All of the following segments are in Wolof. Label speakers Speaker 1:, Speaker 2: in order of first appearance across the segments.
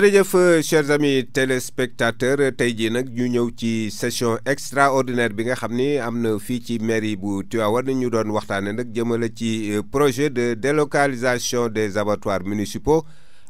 Speaker 1: jërëjëf euh, chers amis téléspectateurs tey jii nag ñu ñëw ci session extraordinaire bi nga xam ni am na fii ci mairie bu Tivaouane ñu doon waxtaane nag jëmale ci euh, projet de délocalisation des abattoirs municipaux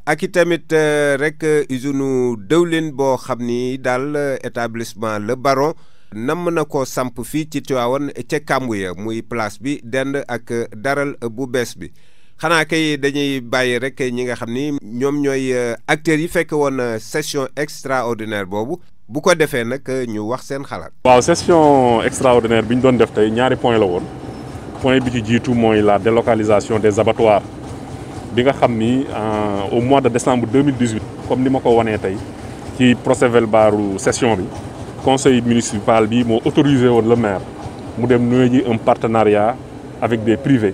Speaker 1: ak i tamit euh, rek usinu dëwlin boo xam ni daal établissement Le Baron namm na ko samp fii ci Tivaouane ca Kàmbu ya muy place bi dend ak daral bu bees bi xanaa kay dañuy bàyyi rek ñi nga xam ni ñoom ñooy euh, acteurs yi fekk woon euh, session extraordinaire boobu bu ko defee nag euh, ñu wax seen xalaat.
Speaker 2: waaw session extraordinaire bi ñu doon def tey ñaari point la woon point bi ci jiitu mooy la délocalisation des abattoirs bi nga xam ni au mois de décembre 2018 comme ni ma ko wanee tey ci procès verbalu session bi conseil municipal bi moo autorisé woon le maire mu dem nouer ji un partenariat avec des privés.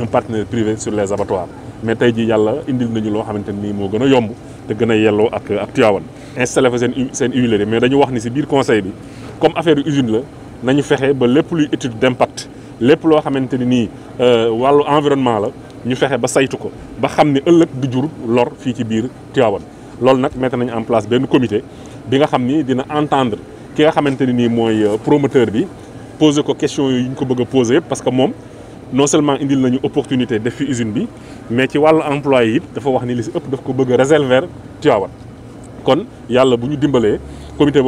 Speaker 2: un partenaire privé sur les abattoirs mais tey jii yàlla indil nañu lo xamanteni nii moo gën yomb te gëna a yelloo ak ak Tivaouane installé fa sen sen huilerie mais dañu wax ni ci biir conseil bi comme affaire usine la nañu fexé ba lepp luy étude d'impact lepp lo xamanteni ni euh walu environnement la ñu fexé ba saytu ko ba xamni ne du jur lor fi ci biir Tivaouane lool nak mettre nañu en place ben comité bi nga xamni dina entendre ki nga xamanteni ni moy euh, promoteur bi poser ko question yu ñu ko bëgg poser parce que mom non seulement indil nañu opportunité de fi usine bi mais ci les emploi yi dafa wax ni li si daf ko bëgg a réserver comité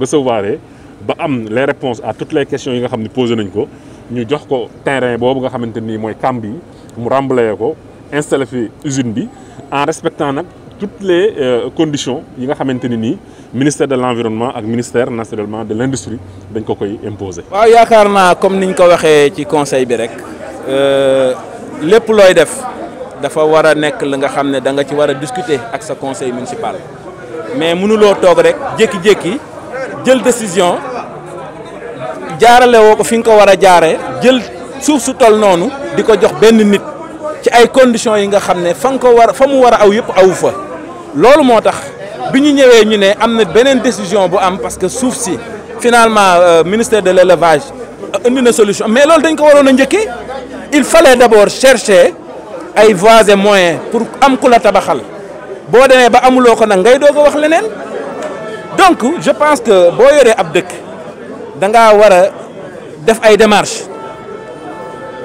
Speaker 2: recevoir ba am les réponses à toutes les questions yi nous xamni nous nañ ko ñu jox ko terrain qui nga xamanteni moy mooy en respectant toutes les euh, conditions yi nga xamante ni ministère de l'environnement, ak ministère naturellement de l'industrie, industrie dañ ko koy imposer.
Speaker 3: waaw yaakaar naa comme niñ ko waxee ci conseil bi rek euh, lépp def dafa wara nek nekk li nga xam da nga ci wara discuter ak sa conseil municipal mais lo tok rek jeki jeki. jël décision jaaralé woko ko fi nga ko war a souf jël suuf su tol nonu diko jox ben nit ci ay conditions yi nga xam ne fa nga wara war aw yépp awu fa lolu motax biñu ñëwé ñu né amna benen décision bu am parce que souf ci finalement euh, ministère de l'élevage élevage euh, indi na solution mais loolu dañ ko waroon a il fallait d'abord chercher ay voies et moyens pour am ko la tabaxal bo déné ba amuloo ko ngay dogo wax leneen donc je pense que bo yoré ab dëkk da nga wara def ay démarches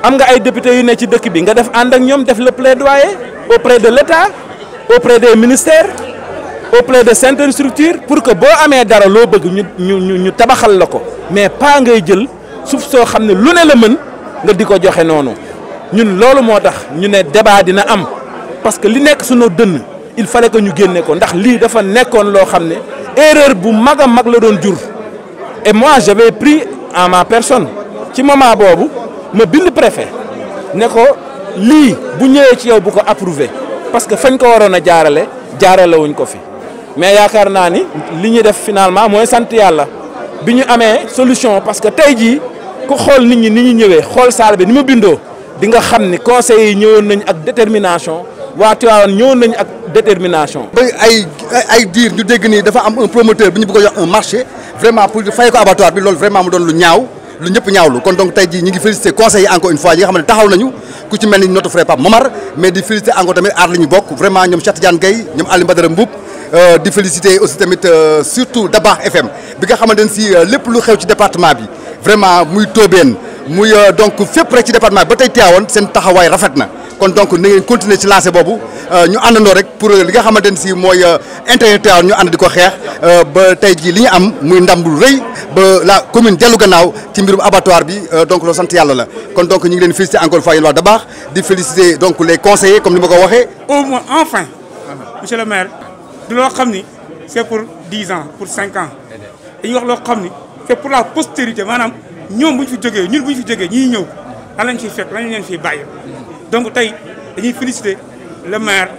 Speaker 3: am nga ay député yu né ci dëkk bi nga def and ak ñom def le plaidoyer auprès de l'état auprès des ministères auprès de structure, pour que boo amee dara loo bëgg ñu ñu ñu tabaxal le ko mais pas ngay jël suuf soo xam ne lu ne la mën nga di ko joxe nous ñun loolu moo tax ne débat dina am parce que li nekk suñu dënn il fallait que ñu gagnions. ko ndax lii dafa nekkoon loo xam erreur bu maga mag la doon jur et moi j'avais pris en ma personne ci moment bobu ma bind préfet ne ko lii bu ñëwee ci yow bu ko approuvé parce que fañ ko waroon a jaarale jaarale wuñ ko fi mais yaakaar naa ni li def finalement mooy sant yàlla bi ñu solution parce que tey ko ku xool nit ñi ni ñu ñëwee salbe ni mu bindo. di nga xam ni conseils yi nañ ak détermination waa Tivaouane ñëwoon nañ ak détermination. ba ay ay diir ñu dégg dafa am un promoteur bini ñu bëgg un marché vraiment pour faire ko abattoir bi loolu vraiment mu doon lu ñaaw lu ñëpp ñaawlu kon donc tey jii ñu ngi félicité conseils encore une fois yi nga xam ne taxaw nañu ku ci notre frère Pape Momar mais di féliciter encore tamit li la vraiment euh, di féliciter aussi tamit euh, surtout Dabakh FM bi nga xamante si euh, lu xew ci département bi vraiment muy Tobène muy donc rek ci département ba kon donc nous ngeen continuer ci bobo. Nous euh, ñu àndandoo rek pour li nga xamante ne si mooy euh, intérêt Tivaouane ñu ànd di ko euh, ba tey jii li ñu am muy ndam ba la commune dellu gannaaw ci mbirum abattoir bi donc nous sant yàlla la kon donc ñu ngi féliciter encore une fois yéen waa de di féliciter donc les conseillers comme ni ma ko
Speaker 4: au moins enfin monsieur le maire de leur xam c'est pour dix ans pour cinq ans Et wax loo xam c'est pour la postérité madame. ñoom on ñu fi jógee ñun bu ñu fi jógee ñii ñëw lan lañ fiy fekk lan lañ leen donc tey dañuy féliciter le maire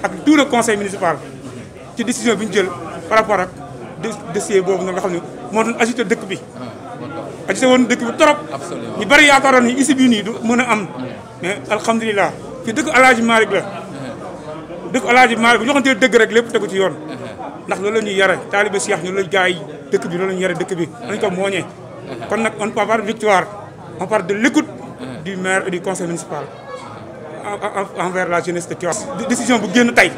Speaker 4: ak tout le conseil municipal ci décision bi jël par rapport ak dossier boobu nga xam ne moo doon agité dëkk bi. agité woon dëkk bi trop. ñu bari yaakaaroon ni ici bii nii du mën am. mais alhamdulilah ci dëkk El Hadj Malick la. dëkk El bu joxante waxantee rek lepp tegu ci yoon. ndax lolu la ñuy yare taalibe Cheikh ñu la gaay deuk bi lolu la ñuy yare dëkk bi. dañu ko moñé kon nak on part par victoire on part de l'écoute du maire et du conseil municipal. envers la jeunesse de Tivaouane décision bu génn tey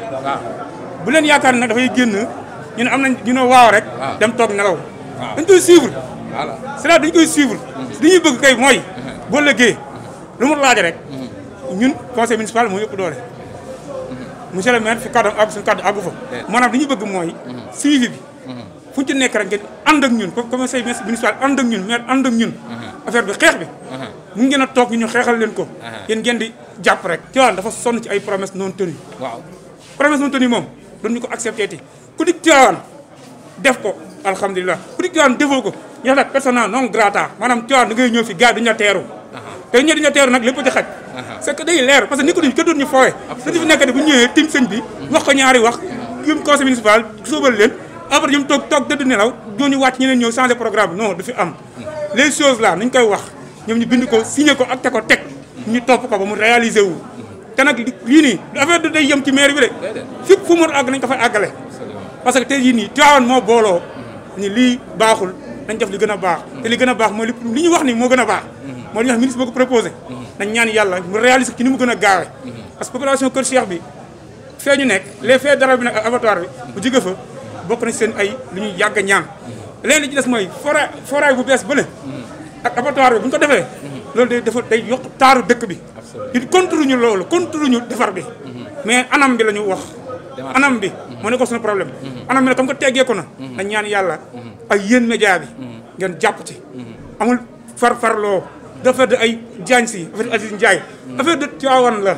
Speaker 4: bu leen yaakaar nag dafay génn ñu ne am nañ ñu waaw rek dam toog nelaw dañ koy si cest à dañ koy suivre mhm. li ñuy bëgg kay mooy mhm. boo lëggee mhm. lu mu laaj rek ñun conseil municipal moo yëpp doole monsieur le maire fi kàddu àgg suñu kàddu àggu fa maanaam bëgg mooy suivi bi fu ñu ci nekk rek ngeen ànd ak ñun conseil municipal ànd ak ñun maire ànd ak ñun affaire bi xeex bi mu ngeen a toog ñu xeexal leen ko yéen ngeen di jàpp rek Tivaouane dafa sonn ci ay promesse non tenue waaw promesse non tenue moom doon ñu ko accepté ti ku dig Tivaouane def ko alhamdulilah ku dig Tivaouane defoo ko ñu def persona non ñëw fi gars duñu la teeru te ñëw duñu la teeru nag lépp di xaj c'est que day leer parce que ni ko duñ ko duñ ñu fooye dañu fi nekk de bu ñëwee tim sëñ bi wax ko ñaari wax yum leen après ñu toog toog dëdd nelaw ñooñu wàcc ñeneen ñëw changé programme non du fi am hmm. les choses là koy wax ñoom ñu bind ko signé ko acté ko teg ñu topp ko ba mu réalisé wu. te nag lii nii affaire du day yem ci maire bi rek fépp fu mu àgg nañ ko àggale. parce que tey jii nii Tivaouane moo booloo mm-hmm. ni lii baaxul dañ def li gën a baax. Mm-hmm. te li gën a baax mooy li ñu wax ni moo gën a baax. Mm-hmm. moo li nga xam ministre moo ko proposé. nañ ñaan yàlla mu réaliser ci ni mu gën a gaawe parce que population Kër Cheikh bi fee ñu nekk les faits dara bi nag abattoir bi bu jóge fa bokk nañ seen ay lu ñuy yàgg ñaan. leneen li ci des mooy forage forage bu bees bële. ak abattoir bi bu ñu ko defee. Mhm. loolu day defar day yokk taaru dëkk bi. it contre ñu loolu contre ñu defar bi. Mhm. mais anam bi la ñu wax. anam bi mhm. moo nekkoon suñu problème. anam bi nag comme que ko na. dañ ñaan yàlla ak yéen média bi. ngeen jàpp ci. amul farfarloo. affaire de ay Diagne si affaire de Aziz Ndiaye. affaire de Tivaouane la.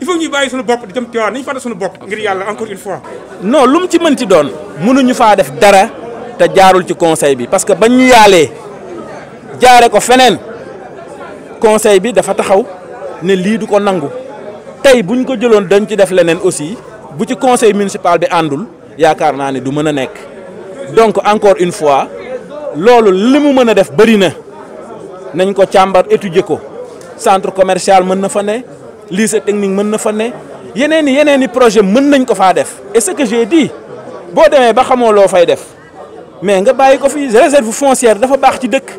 Speaker 4: il faut ñuy bàyyi suñu bopp di dem Tivaouane nañu fàtte suñu bopp. ngir yàlla encore une fois.
Speaker 3: non lu mu mën ci doon. mënuñu faa def dara te jaarul ci conseil bi parce que bañ ñu yaalee. jaare ko fenen conseil bi dafa taxaw né li du ko nangu tey buñ ko jëlone dañ ci def lenen aussi bu ci conseil municipal bi andul yaakaar naa ne du mën nek donc encore une fois lolu limu mu def bari na nañ ko càmbar étudier ko centre commercial mën na fa né lycée technique mën na fa né yeneen i projet mën nañ ko fa def et ce que j'ai dit bo demee ba xamoo lo fay def mais nga bayiko fi réserve foncière dafa bax ci dëkk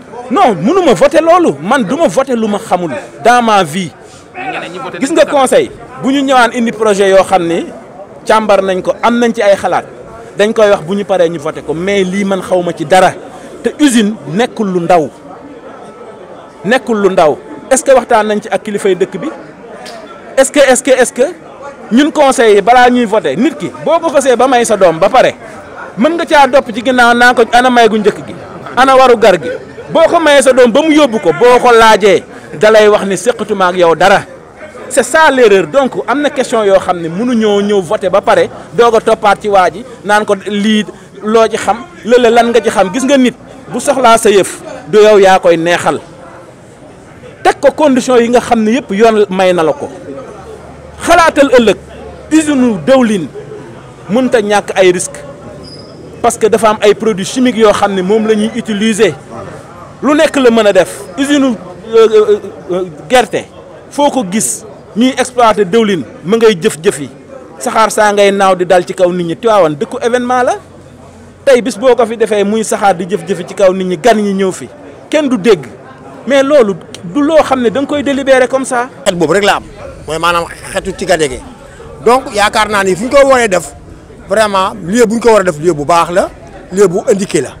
Speaker 3: non mënu ma voté loolu man du ma voté lu ma xamul dans ma vie. gis nga conseil bu ñu ñëwaan indi projet yoo xam ne càmbar nañ ko am nañ ci ay xalaat dañ koy wax bu ñu paree ñu voté ko mais lii man xaw ma ci dara te usine nekkul lu ndaw nekkul lu ndaw est-ce que waxtaan nañ ci ak kilifay dëkk bi est-ce que est-ce que est-ce que ñun conseil yi balaa ñuy voté nit ki boo ko xasee ba may sa doom ba pare mën nga ca dopp ci ginnaaw naa ko ana may gu njëkk gi ana waru gar gi. boo ko mayee sa doom ba mu yóbbu ko boo ko laajee dalay wax ni séqatuma ak yow dara c'est ça l'erreur donc am na question yoo xam ne mënuñoo ñëw voté ba pare doog a toppaat ci waa ji naan ko lii loo ji xam lële lan nga ci xam gis nga nit bu soxlaa sa yëf du yow yaa koy neexal teg ko condition yi nga xam ne yëpp yoon may na la ko xalaatal ëllëg usine dawlin mënut a ñàkk ay risques parce que dafa am ay produits chimiques yoo xam ne moom la ñuy utiliser. lu nekk la mën a def usine euh, euh, euh, gerte foo ko gis ñuy exploité dëwlin ma ngay jëf-jëf yi saxaar saa ngay naaw di dal ci kaw nit ñi Tiwaawan dëkku événement la tey bis boo ko fi defee muy saxaar di jëf-jëfi ci kaw nit ñi gan ñi ñëw fi kenn du dégg mais loolu du loo xam ne da nga koy délibéré comme sax xet boobu rek la am
Speaker 4: mooy maanaam xetu ci Tigade gi donc yaakaar naa ni fu ñu ko waree def vraiment lieu bu ñu ko war a def lieu bu baax la lieu bu indiqué la.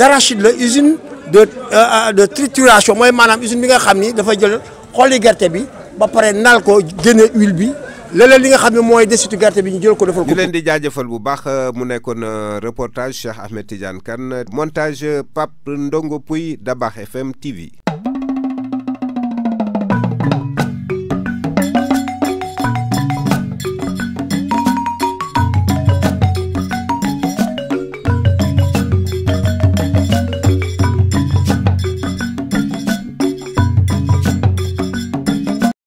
Speaker 4: d'arachide la usine de euh,
Speaker 1: euh, de trituration mooy maanaam usine bi nga xam ni dafa jël xolli gerte bi ba pare nal ko génne huile bi leneen li nga xam ne mooy desitu gerte bi ñu jël ko defal ko. ñu leen di jaajëfal bu baax euh, mu nekkoon reportage Cheikh Ahmed Tidiane kan montage Pape Ndongo Pouy Dabakh FM TV.